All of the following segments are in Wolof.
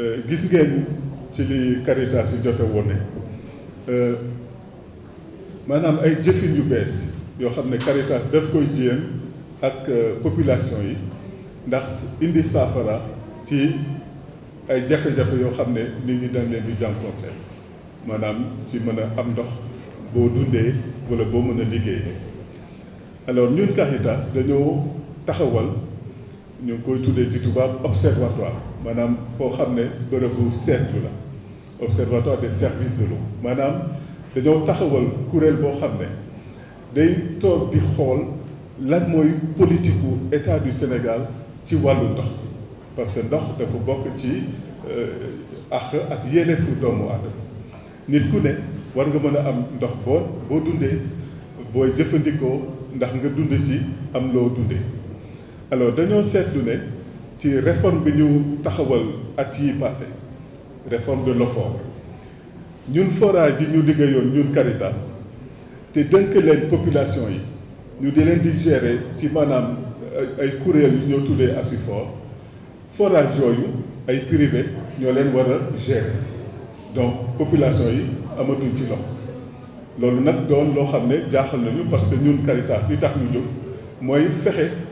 Euh, gis ngeen ci li Caritas yi jot wone euh, maanaam ay jëfin yu bees yoo xam ne Caritas daf koy jéem ak euh, population yi ndax indi saafara ci ay jafe-jafe yoo xam ne nit ñi dañ leen di jànkonteel maanaam ci mën a am ndox boo dundee wala boo mën a liggéeyee alors ñun Caritas dañoo taxawal. Nous ngi koy observatoire maanaam foo observatoire des services de l'eau Madame, dañoo taxawal kuréel politique état du Sénégal ci wàllu parce que ndox dafa bokk ci euh, ak Vous doomu nit ku ne war nga mën am ndox ndax nga ci alors dañoo seetlu ne ci réforme bi ñu taxawal at yi passé réforme de l'OFOR ñun forage yi ñu liggéeyoon ñun Caritas te dënk leen population yi ñu di leen di gérer ci maanaam ay kuréel yu ñoo tuddee ASUFOR forage yooyu ay privé ñoo leen war a gérer donc population yi amatuñ ci loxo loolu nag doon loo xam ne jaaxal nañu parce que ñun Caritas li tax ñu jóg mooy fexe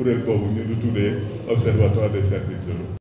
kuréel boobu de tous les observatoires des services de l'eau